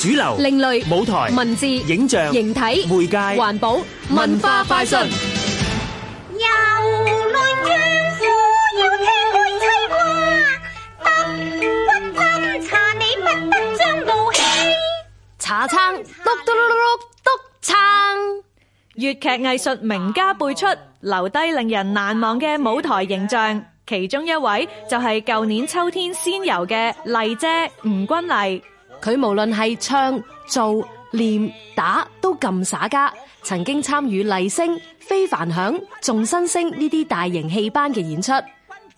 主流、另類舞台、文字、影像、形體、媒介、環保、文化快訊。又論怨婦要聽我淒寡，得屈三茶你不得將怒氣。茶撐，篤篤碌碌，篤撐。粵劇藝術名家輩出，留低令人難忘嘅舞台形象。其中一位就係舊年秋天仙遊嘅麗姐吳君麗。佢無論係唱、做、念、打都咁耍家，曾經參與麗聲、非凡響、眾新星呢啲大型戲班嘅演出。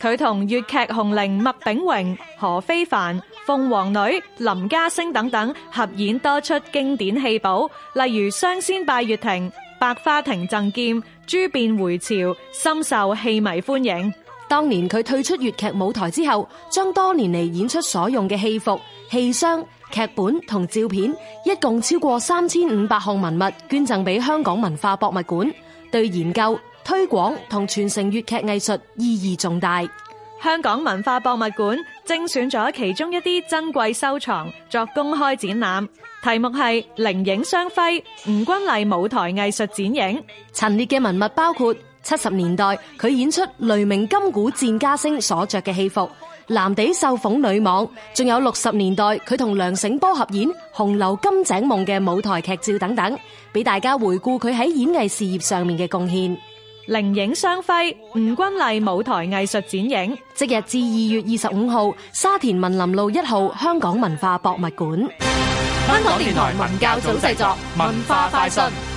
佢同粵劇紅伶麥炳榮、何非凡、鳳凰女、林家聲等等合演多出經典戲寶，例如《雙仙拜月亭》《百花亭贈劍》《珠變回朝》，深受戲迷歡迎。當年佢退出粵劇舞台之後，將多年嚟演出所用嘅戲服、戲箱。劇本同照片一共超過三千五百項文物捐贈俾香港文化博物館，對研究、推廣同傳承粵劇藝術意義重大。香港文化博物館精選咗其中一啲珍貴收藏作公開展覽，題目係《靈影雙輝》，吳君麗舞台藝術展影。陳列嘅文物包括七十年代佢演出《雷鳴金鼓戰家聲》所着嘅戲服。男底受捧女網，仲有六十年代佢同梁醒波合演《紅樓金井夢》嘅舞台劇照等等，俾大家回顧佢喺演藝事業上面嘅貢獻。靈影雙輝，吳君麗舞台藝術展影，即日至二月二十五號，沙田文林路一號香港文化博物館。香港電台文教組製作，文化快訊。